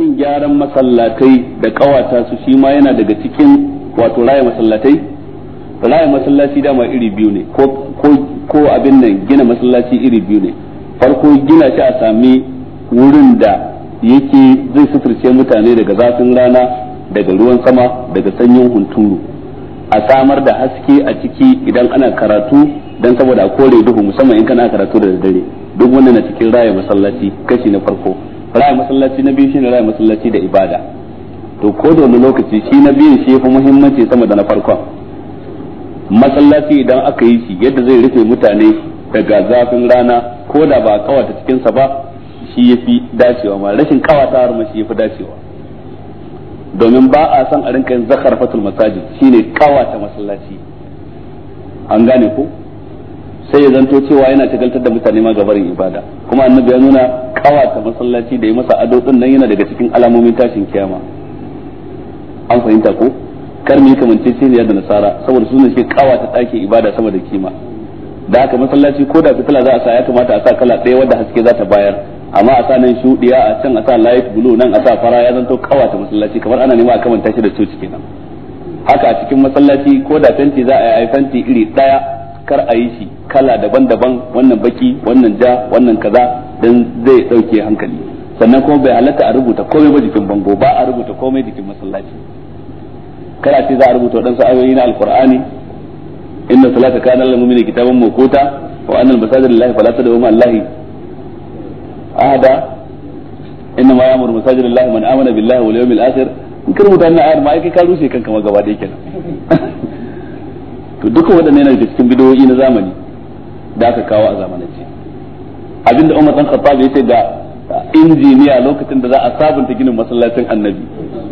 shin gyaran masallatai da kawata su shi ma yana daga cikin wato raya masallatai raya masallaci dama iri biyu ne ko abin nan gina masallaci iri biyu ne farko gina shi a sami wurin da yake zai suturce mutane daga zafin rana daga ruwan sama daga sanyin hunturu a samar da haske a ciki idan ana karatu don saboda kore duhu musamman in kana karatu da dare duk wannan na cikin raya masallaci kashi na farko raya masallaci na biyu shine raya masallaci da ibada to ko da wani lokaci shi na biyu shi yafi muhimmanci sama da na farkon masallaci idan aka yi shi yadda zai rufe mutane daga zafin rana ko da ba kawata cikin sa ba shi yafi dacewa ma rashin kawata har ma shi yafi dacewa domin ba a san a rinka yin zakar fatul masajid shine kawata masallaci an gane ko sai ya zanto cewa yana tagaltar da mutane ma gabarin ibada kuma annabi ya nuna kawata masallaci da ya masa ado din nan yana daga cikin alamomin tashin kiyama an fahimta ko kar mu yi kamance ce da nasara saboda su ne suke kawata ɗakin ibada sama da kima da haka masallaci ko da fitila za a sa ya kamata a sa kala ɗaya wadda haske za ta bayar amma a sa nan shuɗiya a can a sa light blue nan a sa fara ya zanto kawata masallaci kamar ana nema a kamanta shi da coci kenan haka a cikin masallaci ko da fenti za a yi fenti iri ɗaya kar a yi shi kala daban-daban wannan baki wannan ja wannan kaza dan zai dauke hankali sannan kuma bai halatta a rubuta komai ba jikin bango ba a rubuta komai jikin masallaci kar a ce za a rubuta waɗansu ayoyi na alkur'ani inna salata kana lil mu'mini kitaban mawquta wa anna al-masajida lillahi fala tad'u ma'a allahi ahada inna ma ya'muru masajida lillahi man amana billahi wal yawmil akhir in ka rubuta wannan ayar ma ai kai ka rushe kanka ma gaba ɗaya kenan to duka waɗannan yana cikin bidoyi na zamani da aka kawo a zamanance abinda Umar dan Khattab ya ce ga injiniya lokacin da za a sabunta ginin masallacin Annabi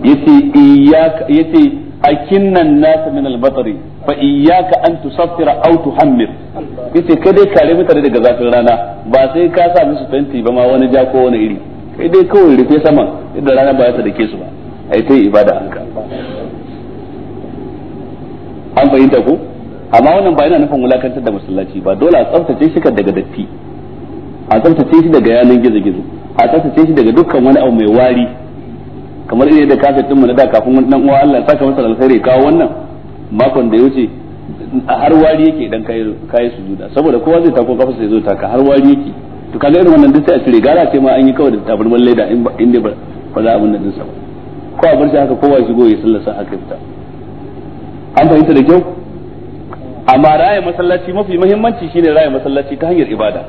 yace iyyaka yace akinna an-nas min al-batri fa iyyaka an tusaffira aw tuhammir yace kai dai kare mutane daga zafin rana ba sai ka sa musu fenti ba ma wani ja ko wani iri kai dai kawai rufe saman idan rana ba ta dake su ba ai sai ibada an ka an fahimta ko amma wannan ba yana nufin wulakantar da masallaci ba dole a tsaftace shi daga datti a tsaftace shi daga yanan gizo-gizo a tsaftace shi daga dukkan wani abu mai wari kamar irin da kafet tun mu na da kafin wani dan uwa Allah saka masa alkhairi kawo wannan makon da ya wuce har wari yake dan kai kai sujuda saboda kowa zai tako kafa sai zo taka har wari yake to kaga irin wannan duk sai a cire gara sai ma an yi kawai da tabarman leda in da ba za a da din sa ba ko a bar shi haka kowa shigo ya sallasa haka ta an fahimta da kyau amma raya masallaci mafi muhimmanci shine raya masallaci ta hanyar ibada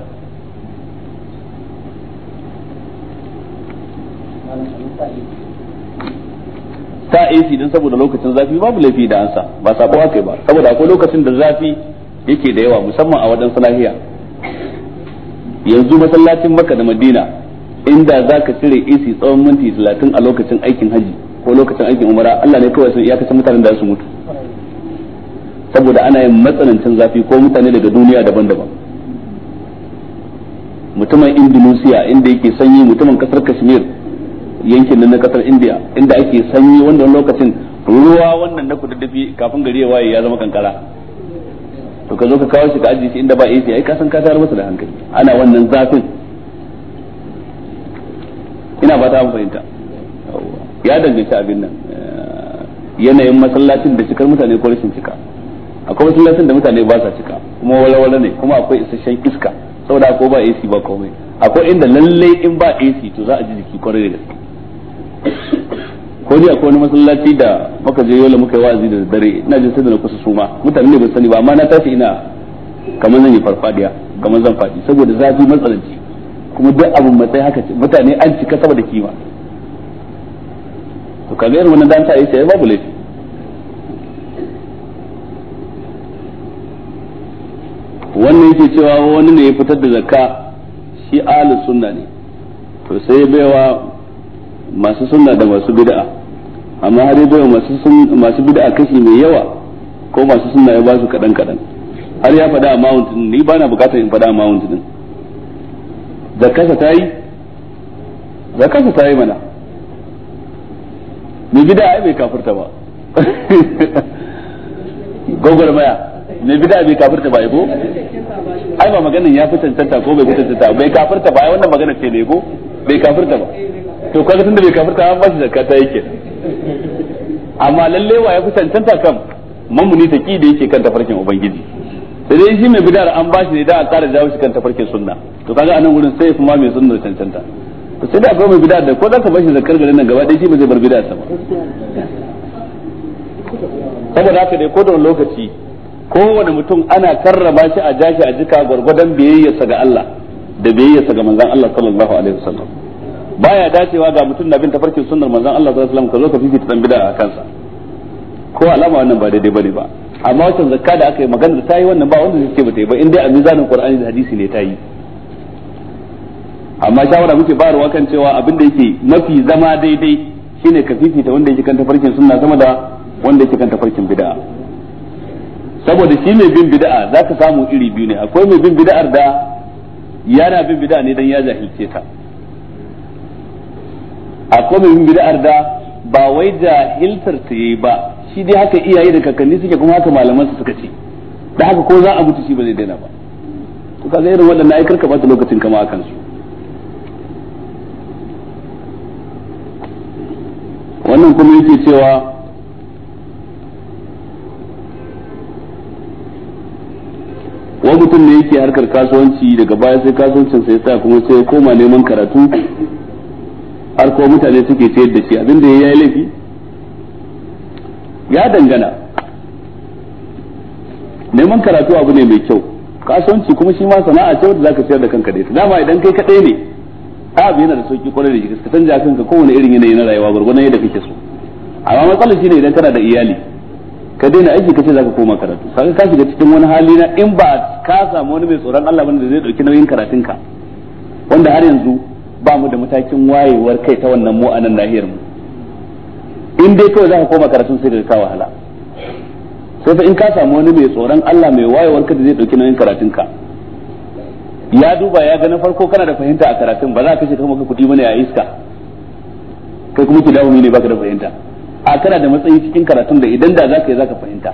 ta AC din saboda lokacin zafi babu laifi da ansa ba sabo haka ba saboda akwai lokacin da zafi yake da yawa musamman a wajen salahiya yanzu masallacin maka da madina inda za ka cire AC tsawon minti talatin a lokacin aikin haji ko lokacin aikin umara Allah ne kawai sun iyakacin mutanen da su mutu saboda ana yin matsanancin zafi ko mutane daga duniya daban-daban mutumin indonesia inda yake sanyi mutumin kasar kashmir yankin na kasar india inda ake sanyi wanda wani lokacin ruwa wannan na dafi kafin gari ya waye ya zama kankara to ka zo ka kawo shi ka ajiye shi inda ba AC ai ka san ka tayar masa da hankali ana wannan zafin ina ba ta fahimta ya danganci abin nan eh, yanayin masallacin da cikar mutane ko rashin cika akwai masallacin da mutane ba sa cika kuma walawala ne kuma akwai isasshen iska saboda ko ba AC ba komai akwai inda lalle in ba AC to za a ji jiki kwarai da gaske ko dai akwai wani masallaci da muka je yola muka yi wa'azi da dare ina jin sai da na kusa suma mutane ne ba sani ba amma na tashi ina kamar zan yi farfadiya kamar zan faɗi saboda zafi matsalanci kuma duk abin matsayi haka mutane an cika saboda kima to kaga yadda wannan dan ta yi sai babu laifi yake cewa wani ne ya fitar da zakka shi ahli sunna ne to sai baiwa masu sunna da masu bid'a amma har baiwa masu masu bid'a kashi mai yawa ko masu sunna ya ba su kadan kadan har ya faɗa amount din ni bana bukatar in faɗa amount din zakka ta yi zakka ta yi mana mai bida ai bai kafirta ba gogor maya mai bida bai kafirta ba ko ai ba maganin ya fitan cancanta ko bai fitan cancanta bai kafirta ba ai wannan magana ce ne ko bai kafirta ba to kaga tunda bai kafirta an ba shi zakka ta yake amma lalle wa ya fitan cancanta kan mamuni ki da yake kan tafarkin ubangiji sai dai shi mai bid'ar an bashi ne da a tsara jawo shi kan tafarkin sunna to kaga anan gurin sai kuma mai sunna cancanta to sai da akwai mai bid'ar da ko za ka bashi zakkar garin nan gaba dai shi ba zai bar bid'ar ta ba saboda haka dai ko da lokaci kowane mutum ana karrama shi a jashi a jika gwargwadon biyayyarsa ga Allah da biyayyarsa ga manzon Allah sallallahu alaihi wasallam baya dacewa ga mutum na bin tafarkin sunnar manzon Allah sallallahu alaihi wasallam ka zo ka fifita dan bid'a a kansa ko alama wannan ba daidai bane ba amma wata zakka da aka yi maganar ta yi wannan ba wanda zai ce ba ta yi ba in dai a mizanin qur'ani da hadisi ne ta yi amma shawara muke bayarwa kan cewa abin da yake mafi zama daidai shine ka fifita wanda yake kan tafarkin sunna sama da wanda yake kan tafarkin bid'a saboda shi mai bin bida'a za ka samu iri biyu ne akwai mai bin bida'ar da yana bin bida'a ne dan ya jahilce ka akwai mai bin bida'ar da ba wai jahiltar ta yi ba shi dai haka iyaye da kakanni suke kuma haka malaman su suka ce da haka ko za a mutu shi ba zai daina ba to kaga irin waɗannan ai ka bata lokacin kama akan su wannan kuma yake cewa mutum ne yake harkar kasuwanci daga baya sai kasuwancin sai sa kuma sai koma neman karatu har ko mutane suke sayar da shi abin da ya yi laifi ya dangana neman karatu abu ne mai kyau kasuwanci kuma shi ma sana'a ce wanda zaka sayar da kanka da ita dama idan kai kadai ne abu yana da sauki kwarai da shi ka canja kanka kowane irin yanayi na rayuwa gurgurdan yadda kake so amma matsalar shine idan kana da iyali ka daina aiki kace zaka koma karatu kaga ka shiga cikin wani hali na in ba ka samu wani mai tsoron Allah bane da zai dauki nauyin karatun ka wanda har yanzu ba mu da matakin wayewar kai ta wannan mu anan nahiyar mu in dai kawai zaka koma karatun sai ka wahala sai fa in ka samu wani mai tsoron Allah mai wayewar kai da zai dauki nauyin karatun ka ya duba ya ga na farko kana da fahimta a karatun ba za ka kashe kuma ka kudi bane a iska kai kuma ki dawo ne baka da fahimta a kana da matsayi cikin karatun da idan da zaka yi zaka fahimta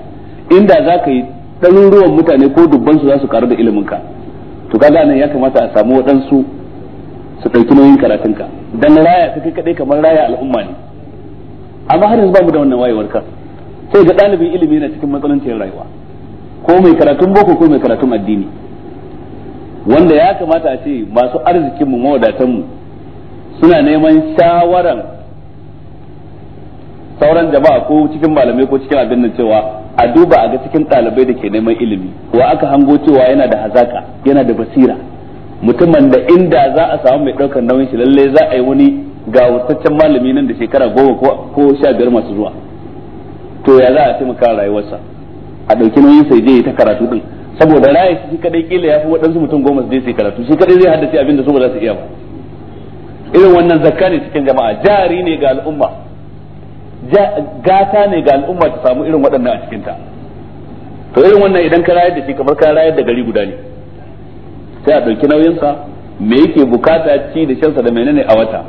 inda zaka yi ɗaruruwan mutane ko dubban su za su karu da iliminka ka to kaga nan ya kamata a samu waɗansu su ɗauki nauyin karatunka dan raya ta kai kaɗai kamar raya al'umma ne amma har yanzu ba mu da wannan wayewar kan sai ga ɗalibin ilimi na cikin matsalancin rayuwa ko mai karatun boko ko mai karatun addini wanda ya kamata a ce masu arzikinmu mawadatanmu suna neman shawarar sauran jama'a ko cikin malamai ko cikin abin nan cewa a duba a ga cikin ɗalibai da ke neman ilimi wa aka hango cewa yana da hazaka yana da basira mutumin da inda za a samu mai ɗaukar nauyin shi lalle za a yi wani ga wataccen malami nan da shekara goma ko sha biyar masu zuwa to ya za a taimaka rayuwarsa a ɗauki nauyin sai je ta karatu din saboda raya shi kadai kila ya fi waɗansu mutum goma su je su karatu shi kadai zai haddace abin da su ba za su iya ba irin wannan zakka ne cikin jama'a jari ne ga al'umma gata ne ga al'umma ta samu irin waɗannan a cikinta to irin wannan idan ka rayar da shi kamar ka rayar da gari guda ne sai a ɗauki nauyinsa me yake bukata ci da shansa da menene a wata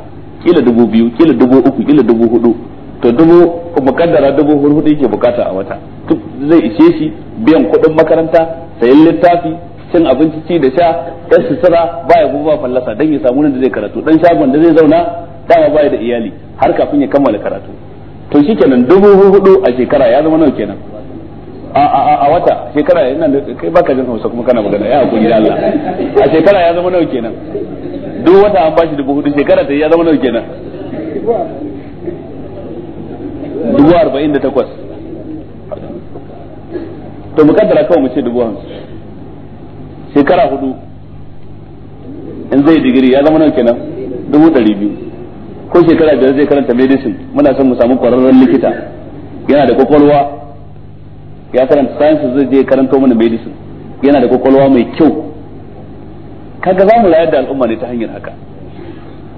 kila dubu biyu kila dubu uku kila dubu hudu to dubu mukaddara dubu hudu yake bukata a wata duk zai ishe shi biyan kuɗin makaranta sayan littafi cin abinci ci da sha ɗan sutura ba ya ba fallasa dan ya samu nan da zai karatu ɗan shagon da zai zauna dama baya da iyali har kafin ya kammala karatu to shi kenan dubu hudu a shekara ya zama nawa kenan a wata shekara ina da kai baka jin Hausa kuma kana magana ya hakuri da Allah a shekara ya zama nawa kenan duk wata an bashi dubu hudu shekara ta ya zama nawa kenan dubu arba'in da takwas to mu kaddara kawai mu ce dubu hamsin shekara hudu in zai digiri ya zama nawa kenan dubu dari biyu ko shekara biyar zai karanta medicine muna son mu samu kwararren likita yana da kwakwalwa ya karanta sciences zai je karanto mana medicine yana da kwakwalwa mai kyau kaga za mu rayar da al'umma ne ta hanyar haka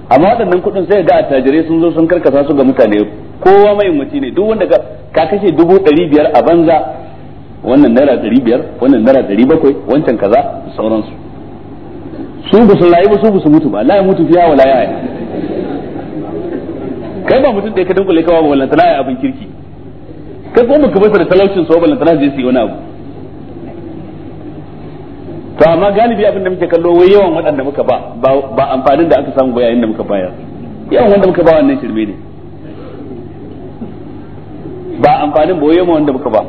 amma waɗannan kuɗin sai ga attajirai sun zo sun karkasa su ga mutane kowa mai mutu ne duk wanda ka kashe dubu ɗari biyar a banza wannan naira ɗari biyar wannan naira ɗari bakwai wancan kaza da sauransu su ba su layi ba su ba su mutu ba layi mutu fiya wa layi. kai ba mutum da ka dunkule kawa wallan tana ya abin kirki kai ko muka bata da talaucin so wannan tana zai yi wani abu to amma galibi abin da muke kallo wai yawan waɗanda muka ba ba amfanin da aka samu ba yayin da muka bayar yawan wanda muka ba wannan shirme ne ba amfanin ba yawan wanda muka ba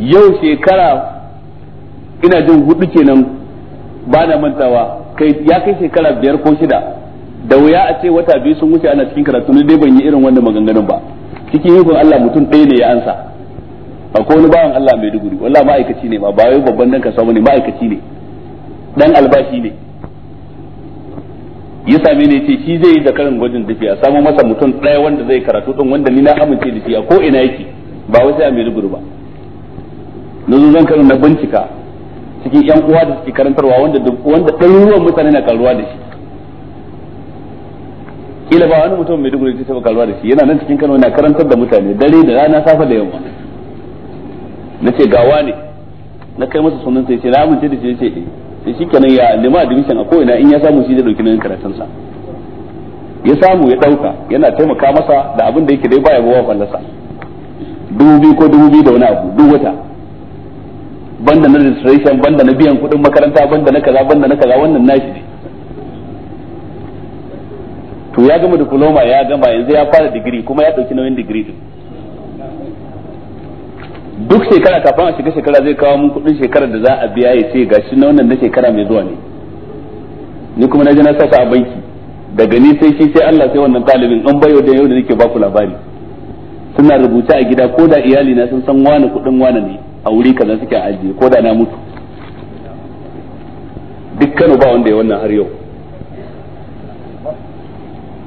yau shekara ina jin hudu kenan ba na mantawa kai ya kai shekara biyar ko shida da wuya a ce wata biyu sun wuce ana cikin karatu ne dai ban yi irin wannan maganganun ba cikin ikon Allah mutum ɗaya ne ya ansa akwai wani bawan Allah mai duguri wallahi ma'aikaci ne ma ba wai babban dan kasuwa ne ma'aikaci ne dan albashi ne ya same ne ce shi zai yi da karin gwajin dafi a samu masa mutum ɗaya wanda zai karatu din wanda ni na amince da shi a ko ina yake ba wai sai a Maiduguri ba na zo zan karin na bincika cikin yan uwa da suke karantarwa wanda wanda ɗaruruwan mutane na karuwa da shi kila ba wani mutum mai duguri ta taba kalma da shi yana nan cikin Kano yana karantar da mutane dare da rana safa da yamma nace ga wani na kai masa sunan sai ce na amince da shi yace eh sai shikenan ya nema admission a ko ina in ya samu shi da dauki nan karatun sa ya samu ya dauka yana taimaka masa da abin da yake dai baya bawa fallasa dubu biyu ko dubu biyu da wani abu duk wata banda na registration banda na biyan kuɗin makaranta banda na kaza banda na kaza wannan nashi ne to ya gama diploma ya gama yanzu ya fara digiri kuma ya dauki nauyin digiri din duk shekara kafin a shiga shekara zai kawo mun kudin shekarar da za a biya ya ce gashi na wannan na shekara mai zuwa ne ni kuma na ji na sasa a banki daga ni sai shi sai Allah sai wannan talibin an bayo da yau da nake baku labari suna rubuce a gida ko da iyali na sun san wani kudin wani ne a wuri kaza suke ajiye ko da na mutu dukkanu ba wanda ya wannan har yau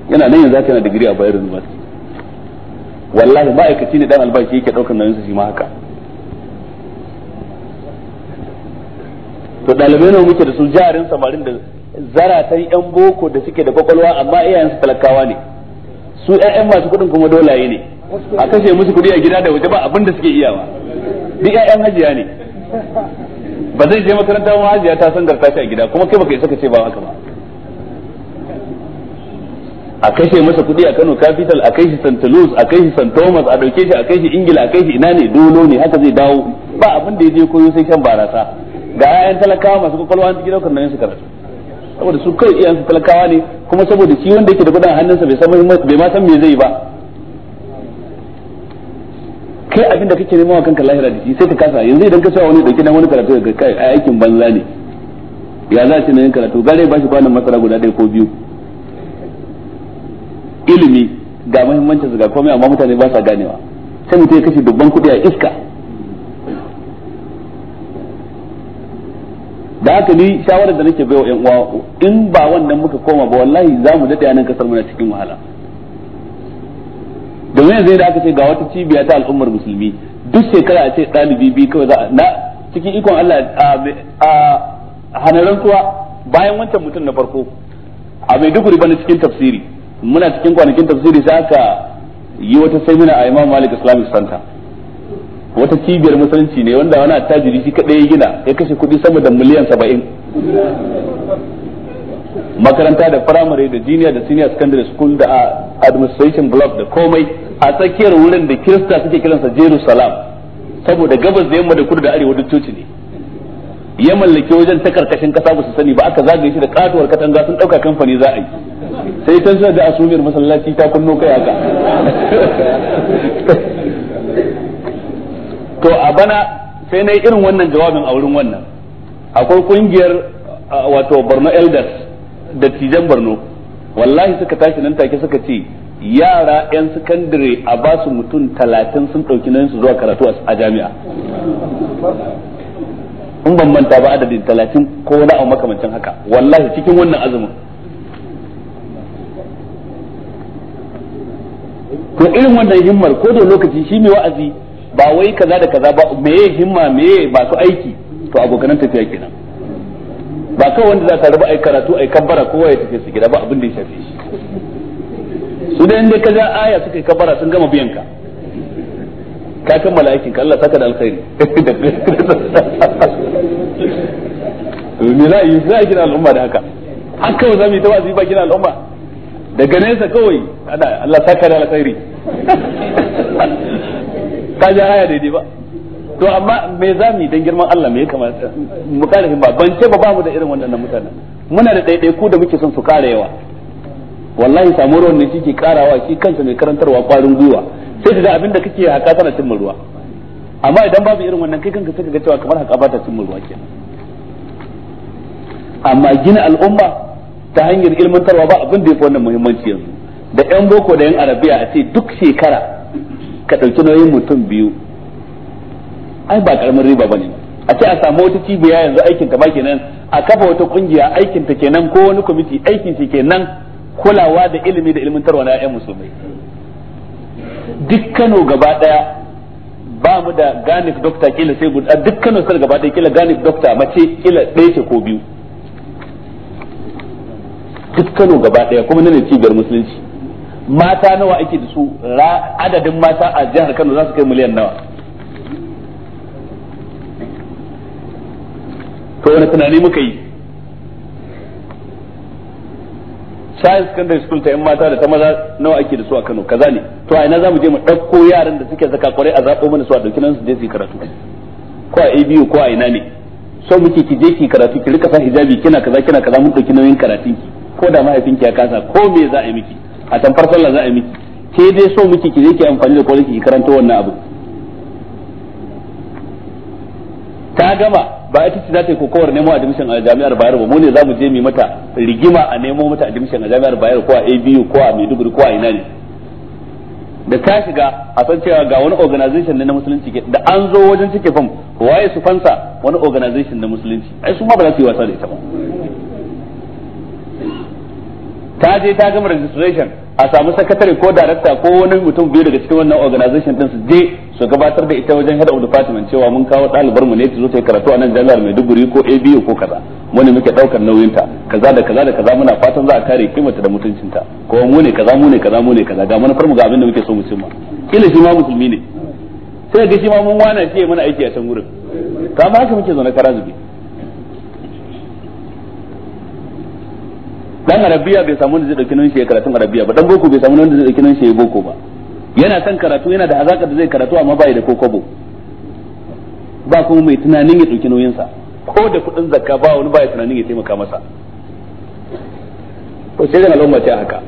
yana nan yanzu haka yana digiri a Bayero University wallahi ma'aikaci ne dan albashi yake daukar nan su shi ma haka to dalibai ne muke da su jarin samarin da zaratan yan boko da suke da kwakwalwa amma iyayensu talakawa ne su ƴaƴan masu kuɗin kuma dolaye ne a kashe musu kuɗi a gida da waje ba abin da suke iya ba duk ƴaƴan hajiya ne ba zai je makaranta ba hajiya ta san garta a gida kuma kai baka isa ka ce ba haka ba a kashe masa kuɗi a Kano capital a kai shi St. Louis a kai shi St. Thomas a dauke shi a kai shi Ingila a kai shi ina ne dolo ne haka zai dawo ba abin da ya koyo sai kan barasa ga ayan talakawa masu kwakwalwa an cikin daukar nan su karatu saboda su kai iyansu talakawa ne kuma saboda shi wanda yake da gudan hannunsa bai san bai ma san me zai ba kai abin da kake nema wa kanka lahira da shi sai ka kasa yanzu idan ka sa wani dauki nan wani karatu ga kai aikin banza ne ya za shi na karatu gare ba shi kwanan masara guda ɗaya ko biyu ilimi ga muhimmancin ga komai amma mutane ba sa ganewa sai mutum ya kashe dubban kuɗi a iska da haka ni shawarar da nake baiwa yan uwa in ba wannan muka koma ba wallahi za mu daɗe a nan kasar muna cikin wahala domin yanzu da aka ce ga wata cibiya ta al'ummar musulmi duk shekara a ce ɗalibi bi kawai za na cikin ikon Allah a hanarantuwa bayan wancan mutum na farko a mai duk riba na cikin tafsiri muna cikin kwanakin tafsiri sai aka yi wata semina a Imam Malik Islamic Center wata cibiyar musulunci ne wanda wani attajiri shi kadai gina ya kashe kuɗi sama da miliyan saba'in makaranta da firamare da junior da senior secondary school da ah, administration block da komai a tsakiyar wurin da kirista suke kiransa jerusalem saboda gabas da yamma da kudu da arewa duk coci ne ya mallaki wajen ta karkashin kasa ba su sani ba aka zagaye shi da katuwar katanga sun dauka kamfani za a yi sai can da asumiyar masallaci ta kunno kai haka to a bana sai na yi irin wannan jawabin a wurin wannan akwai kungiyar wato Borno Elders da Tijan Borno wallahi suka tashi nan take suka ce yara 'yan sakandare a basu mutum talatin sun ɗauki nan su zuwa karatu a jami'a in ban manta ba adadin talatin ko wani abu makamancin haka wallahi cikin wannan azumin ko irin wannan himmar ko da lokaci shi mai wa'azi ba wai kaza da kaza ba meye himma meye ba su aiki to abokanan tafiya kenan ba kawai wanda za ka raba ai karatu ai kabbara kowa ya tafi su gida ba abin da ya shafe shi su da inda ka ja aya suka yi kabbara sun gama biyan ka ka kammala aikin ka Allah saka da alkhairi me za a yi za a kira al'umma da haka an kawai za mu yi ta wa'azi ba kira al'umma daga nesa kawai ana Allah saka da alkhairi ka ji aya daidai ba to amma me za mu yi dan girman Allah me ya kamata mu kare ba ban ce ba ba mu da irin wannan mutanen muna da ku da muke son su kare yawa wallahi samuwar wannan shi ke karawa shi kansa mai karantarwa kwarin gwiwa sai ka ga abin da kake haka tana cin ruwa amma idan babu irin wannan kai kanka sai ka ga cewa kamar haka ba ta cin ruwa kenan amma gina al'umma ta hanyar ilmantarwa ba abin da ya fi wannan muhimmanci yanzu da yan boko da yan arabiya a ce duk shekara ka ɗauki nauyin mutum biyu ai ba karamin riba bane a ce a samu wata cibiya yanzu aikin ta ba kenan a kafa wata kungiya aikin ta kenan ko wani kwamiti aikin shi kenan kulawa da ilimi da ilmantarwa na ƴan musulmai duk Kano gaba daya ba mu da ganif dokta kila sai guda duk Kano sai gaba daya kila ganif dokta mace kila ɗaya ce ko biyu duk Kano gaba daya kuma nan ne cibiyar musulunci mata nawa ake da su adadin mata a jihar Kano za su kai miliyan nawa to wani tunani muka yi science secondary school ta yan mata da ta maza nawa ake da su a Kano kaza ne to a ina za mu je mu ɗauko yaran da suke zaka kwarai a zaɓo mana su a ɗauki nan su je su karatu ko a ABU ko a ina ne so muke ki je ki karatu ki rika sa hijabi kina kaza kina kaza mun ɗauki nauyin karatun ki ko da mahaifinki ya kasa ko me za a yi miki a tamfar sallah za a yi miki ke dai so miki ki je ki amfani da kwalin ki karanta wannan abu ta gama ba ita ce za ta yi kokowar nemo admission a jami'ar bayar ba mu ne za mu je mu mata rigima a nemo mata admission a jami'ar bayar ko a abu ko a maiduguri ko a ina ne da ta shiga a san cewa ga wani organization ne na musulunci da an zo wajen cike fam waye su fansa wani organization na musulunci ai su ma ba za su yi wasa da ita ba ta je ta gama registration a samu sakatare ko darakta ko wani mutum biyu daga cikin wannan organization din su je su gabatar da ita wajen head of department cewa mun kawo ɗalibar mu ne ta zo ta yi karatu a nan jami'ar Maiduguri ko ABU ko kaza mu ne muke daukar nauyin ta kaza da kaza da kaza muna fatan za a kare kimarta da mutuncinta ko mu ne kaza mu ne kaza mu ne kaza ga manufar mu ga abin da muke so mu cimma kila shi ma musulmi ne sai ga shi ma mun wana shi mana aiki a can wurin kama haka muke zaune na karazubi dan arabiya bai samu wanda zai dauki nauyin shi ya karatun arabiya ba dan boko bai samu wanda zai dauki nauyin shi ya boko ba yana son karatu yana da azaka da zai karatu amma bai da kokobo ba kuma mai tunanin ya dauki nauyin sa ko da kudin zakka ba wani bai tunanin ya taimaka masa to sai dan al'umma ce haka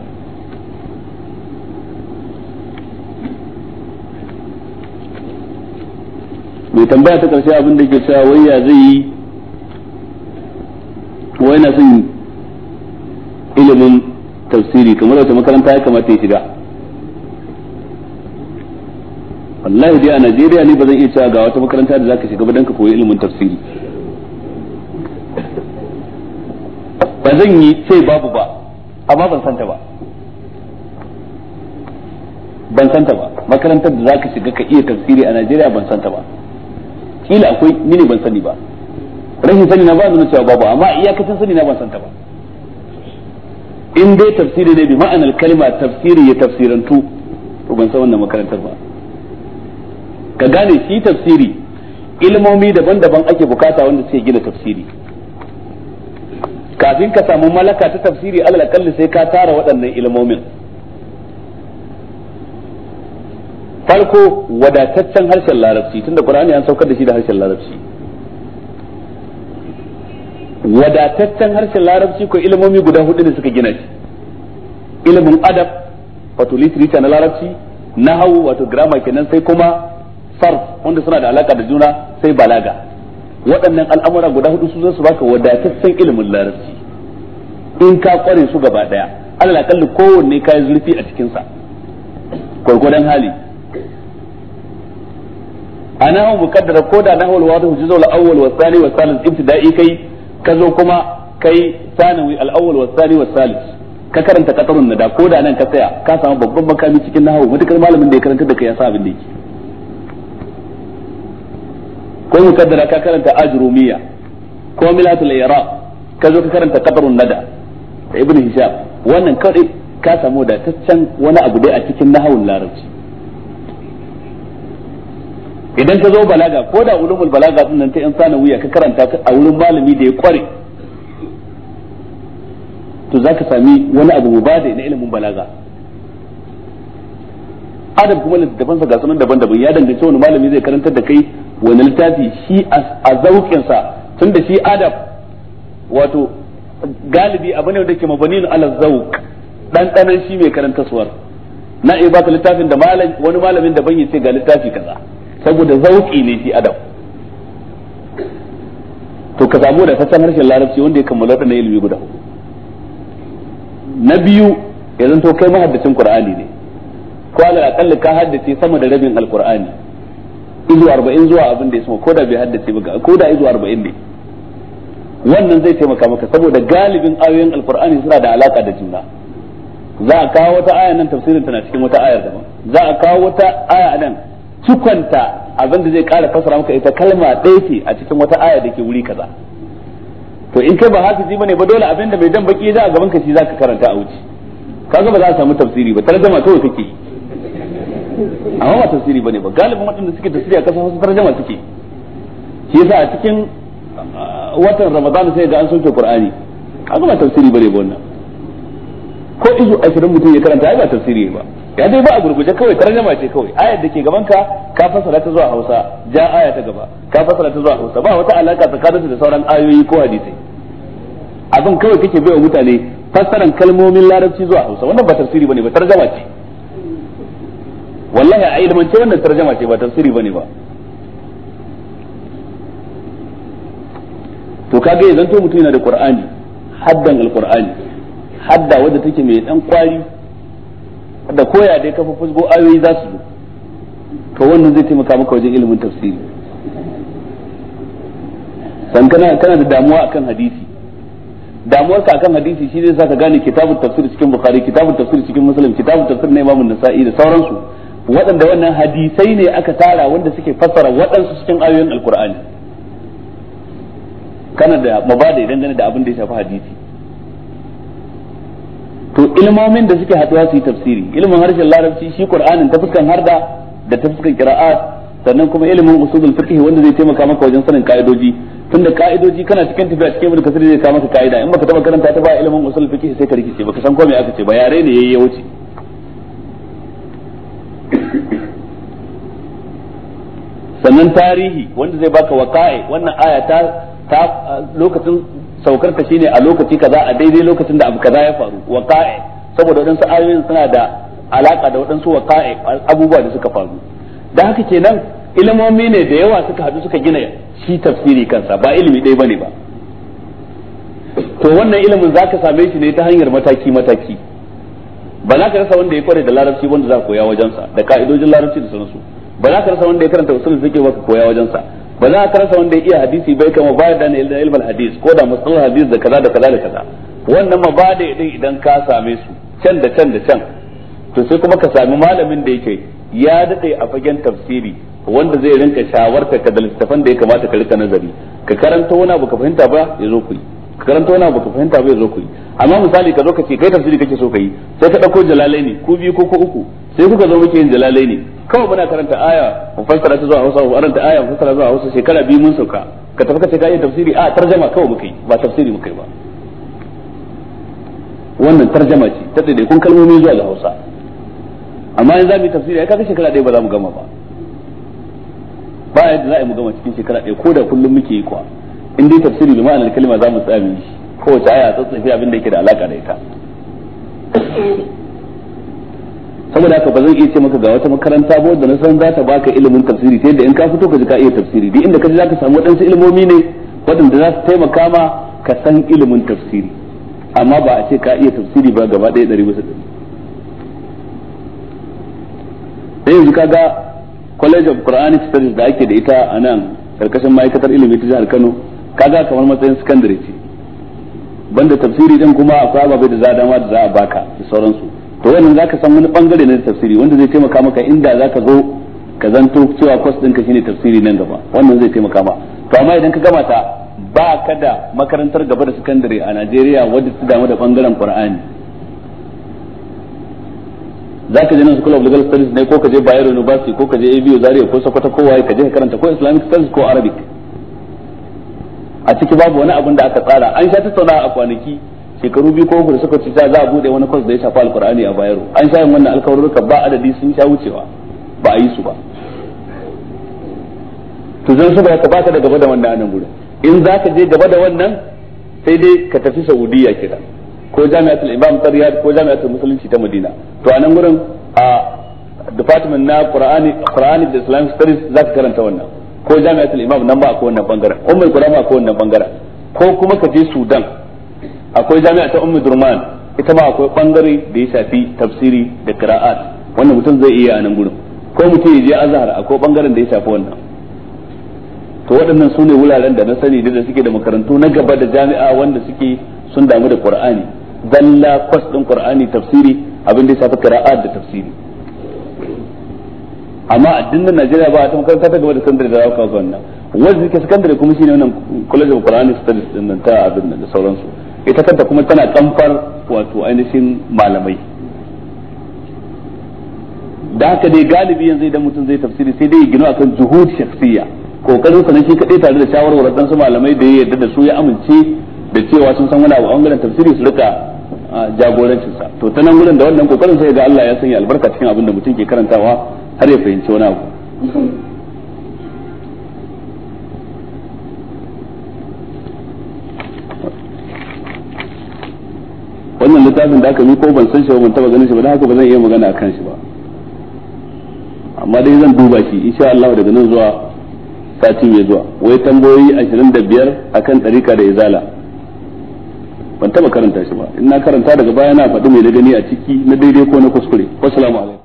mai tambaya ta karshe abin da ke cewa wai ya zai yi wai na son ilimin tafsiri kamar wata makaranta ya kamata ya shiga wallahi dai a Najeriya ne ba zan iya cewa ga wata makaranta da zaka shiga ba dan ka koyi ilimin tafsiri ba zan yi sai babu ba amma ban santa ba ban santa ba makarantar da zaka shiga ka iya tafsiri a Najeriya ban santa ba kila akwai ni ne ban sani ba rashin sani na ba zan cewa babu amma iyakacin sani na ban santa ba in dai tafsiri ne bi ma'anar kalma tafsiri ya tafsirantu to ban san wannan makarantar ba ka gane shi tafsiri ilmomi daban-daban ake bukata wanda suke gina tafsiri kafin ka samu malaka ta tafsiri alal akalli sai ka tara waɗannan ilmomin farko wadataccen harshen larabci tunda qur'ani an saukar da shi da harshen larabci wadataccen harshen larabci ko ilimomi guda hudu ne suka gina shi ilimin adab wato literature na larabci nahawu wato grammar kenan sai kuma sarf wanda suna da alaka da juna sai balaga waɗannan al'amura guda hudu su su baka wadataccen ilimin larabci in ka kware su gaba daya Allah kalli kowanne ka yi zurfi a cikin sa gwargwadon hali a nahawu mukaddara ko da nahawul wadu hujuzul awwal wa thani wa salis ibtida'i kai ka zo kuma kai sanawi al-awwal wa thani wa salis ka karanta na nada ko da nan ka tsaya ka samu babban makami cikin nahawu mutakar malamin da ya karanta da kai ya sa abin da yake ko kaddara ka karanta ajrumiya ko milatul iraq ka zo ka karanta qatarun nada da ibn hisham wannan kawai ka samu da taccen wani abu dai a cikin nahawun larabci idan ka zo balaga ko da ulumul balaga din nan ta yan wuya ka karanta a wurin malami da ya kware to zaka sami wani abu mubada na ilimin balaga adam kuma littattafan sa ga sunan daban-daban ya danganci wani malami zai karantar da kai wani littafi shi a zaukin sa tunda shi adam wato galibi abu ne wanda ke mabanin ala zauk dan shi mai karanta suwar na iya baka littafin da wani malamin daban ya ce ga littafi kaza saboda zauki ne shi adam to ka samu da sassan harshen larabci wanda ya kammala waɗannan ilimi guda na biyu ya zanto kai mahaddacin qur'ani ne ko ala aqalla ka haddace sama da rabin alqur'ani izu 40 zuwa abin da ya sama ko da bai haddace ba ko da izu 40 ne wannan zai taimaka maka saboda galibin ayoyin alqur'ani suna da alaka da juna za a kawo wata aya nan tafsirin tana cikin wata ayar daban za a kawo wata aya nan cikonta abinda zai kara fasara maka ita kalma ɗaya ce a cikin wata aya da ke wuri kaza to in kai ba ji bane ba dole abinda bai dan baki za a gaban ka shi zaka karanta a wuce kaga ba za a samu tafsiri ba tarjuma kawai take amma ba tafsiri bane ba galibin waɗanda suke tafsiri a kasar wasu tarjama suke shi yasa a cikin uh, watan ramadan sai ga an sunke qur'ani kaga ba tafsiri bane ba wannan ko izu 20 mutum ya karanta ai ba tafsiri ba ya dai ba a gurguje kawai tarjama ce kawai ayar da ke gaban ka ka fasara ta zuwa Hausa ja aya ta gaba ka fasara ta zuwa Hausa ba wata alaka tsakanin da sauran ayoyi ko hadisi abin kawai kake bai mutane fassaran kalmomin larabci zuwa Hausa wannan ba tafsiri bane ba tarjama ce wallahi a ilmance wannan tarjama ce ba tafsiri bane ba to kaga idan to mutum yana da Qur'ani haddan al-Qur'ani hadda wadda take mai dan kwari da koya dai kafa fusgo ayoyi za su zo to wannan zai taimaka maka wajen ilimin tafsiri san kana kana da damuwa akan hadisi damuwar ka akan hadisi shi zai saka gane kitabun tafsir cikin bukhari kitabun tafsir cikin muslim kitabun tafsir na imamun nasa'i da sauransu waɗanda wannan hadisai ne aka tara wanda suke fassara waɗansu cikin ayoyin alkur'ani kana da mabada idan gane da abin da ya shafi hadisi ilmomin da suke haduwa su yi tafsiri ilmin harshen larabci shi qur'anin ta fuskan harda da ta fuskan qira'at sannan kuma ilimin usulul fiqh wanda zai taimaka maka wajen sanin ka'idoji tunda ka'idoji kana cikin tafiya cikin ibnu kasir zai kawo maka ka'ida in baka taba karanta ta ba ilimin usulul fiqh sai ka rikice baka san ko me aka ce ba yare ne yayi ya wuce sannan tarihi wanda zai baka waqa'i wannan aya ta lokacin saukar ta shine a lokaci kaza a daidai lokacin da abu kaza ya faru waqa'i saboda wadansu ayoyin suna da alaka da wadansu waqa'i abubuwa da suka faru da haka kenan ilmomi ne da yawa suka hadu suka gina shi tafsiri kansa ba ilimi ɗaya bane ba to wannan ilimin zaka same shi ne ta hanyar mataki mataki ba za ka rasa wanda ya kware da larabci wanda za ka koya wajensa da ka'idojin larabci da sanansu ba za ka rasa wanda ya karanta usulul fiqh ba ka koya wajensa ba za a karanta wanda ya iya hadisi bai kama ba da ilmin hadis ko da musallar hadis da kaza da kaza da kaza wannan ma ba da idan idan ka same su can da can da can to sai kuma ka sami malamin da yake ya dade a fagen tafsiri wanda zai rinka shawarta ka da littafan da ya kamata ka rika nazari ka karanta wani abu ka fahimta ba ya zo ku yi ka karanta wani abu ka fahimta ba ya zo ku yi amma misali ka zo ka ce kai tafsiri kake so ka yi sai ka dauko jalalai ne ku biyu ko ko uku sai kuka zo muke yin jalalai ne kawai muna karanta aya mu fassara ta zuwa Hausa mu karanta aya mu fassara zuwa Hausa shekara biyu mun sauka ka tafi ka ce ka tafsiri a tarjama kawai muka yi ba tafsiri muka yi ba wannan tarjama ce ta kun kalmomi zuwa ga Hausa amma in za mu yi tafsiri ai kaga shekara ɗaya ba za mu gama ba ba yadda za a yi mu gama cikin shekara ɗaya ko da kullum muke yi kuwa in dai tafsiri bi ma'anar kalma za mu tsami shi kowace aya a tsatsafi abin da yake da alaka da ita saboda haka ba zan iya ce maka ga wata makaranta ba wanda na san za ta baka ilimin tafsiri sai da in ka fito ka ji ka iya tafsiri duk inda ka ji za ka samu waɗansu ilimomi ne waɗanda za su taimaka ma ka san ilimin tafsiri amma ba a ce ka iya tafsiri ba gaba ɗaya ɗari wasu ɗari sai yanzu kaga college of quranic studies da ake da ita a nan karkashin ma'aikatar ilimi ta jihar kano kaga kamar matsayin secondary ce banda tafsiri din kuma akwai ababai da za a dama da za a baka da sauransu to wannan zaka san wani bangare na tafsiri wanda zai taimaka maka inda zaka zo ka zanto cewa kwas ka shine tafsiri nan gaba wannan zai taimaka ma to amma idan ka gama ta ba ka da makarantar gaba da sakandare a Najeriya wadda su damu da bangaren Qur'ani za je nan school of legal studies ne ko ka je Bayero University ko ka je ABU Zaria ko Sokoto ko waye ka je karanta ko Islamic studies ko Arabic a ciki babu wani abin da aka tsara an sha tattauna a kwanaki shekaru biyu ko uku da suka ci za a bude wani kwas da ya shafi alkur'ani a bayero an sha yin wannan alkawarurka ba adadi sun sha wucewa ba a yi su ba to zan su ba ka baka da gaba da wannan nan gurin in za ka je gaba da wannan sai dai ka tafi saudiya kira ko jami'atul imam ta ko jami'atul musulunci ta madina to a nan gurin a department na qur'ani qur'ani da islam studies za ka karanta wannan ko jami'atul imam nan ba ko wannan bangaren ko mai ko wannan bangaren ko kuma ka je sudan akwai jami'a ta ummi durman ita ma akwai bangare da ya shafi tafsiri da qira'at wannan mutum zai iya a nan gurin ko mutum yaje je azhar akwai bangaren da ya shafi wannan to waɗannan su ne wuraren da na sani da suke da makarantu na gaba da jami'a wanda suke sun damu da qur'ani zalla kwas din qur'ani tafsiri abin da ya shafi qira'at da tafsiri amma addinin Najeriya ba ta makaranta ta gaba da sandar da zaka wannan wanda suke sakandare kuma shine wannan college of Quranic studies din nan ta abin da sauransu ita kanta kuma tana tsamfar wato ainihin malamai da haka dai galibi yanzu idan mutum zai tafsiri sai dai gina akan juhud shakhsiyya kokarin sa ne shi kadai tare da shawarar dan su malamai da ya yarda da su ya amince da cewa sun san wani abu bangaren tafsiri su rika jagorancin sa to ta nan gurin da wannan kokarin sai ga Allah ya sanya albarka cikin abin da mutum ke karantawa har ya fahimci wani abu littafin da aka yi ko ban san shi ba ban taba ganin shi ba dan haka ba zan iya magana akan shi ba amma dai zan duba shi insha Allah daga nan zuwa sati mai zuwa wai tambayoyi 25 akan tarika da izala ban taba karanta shi ba in na karanta daga baya na faɗi mai da gani a ciki na daidai ko na kuskure wassalamu alaikum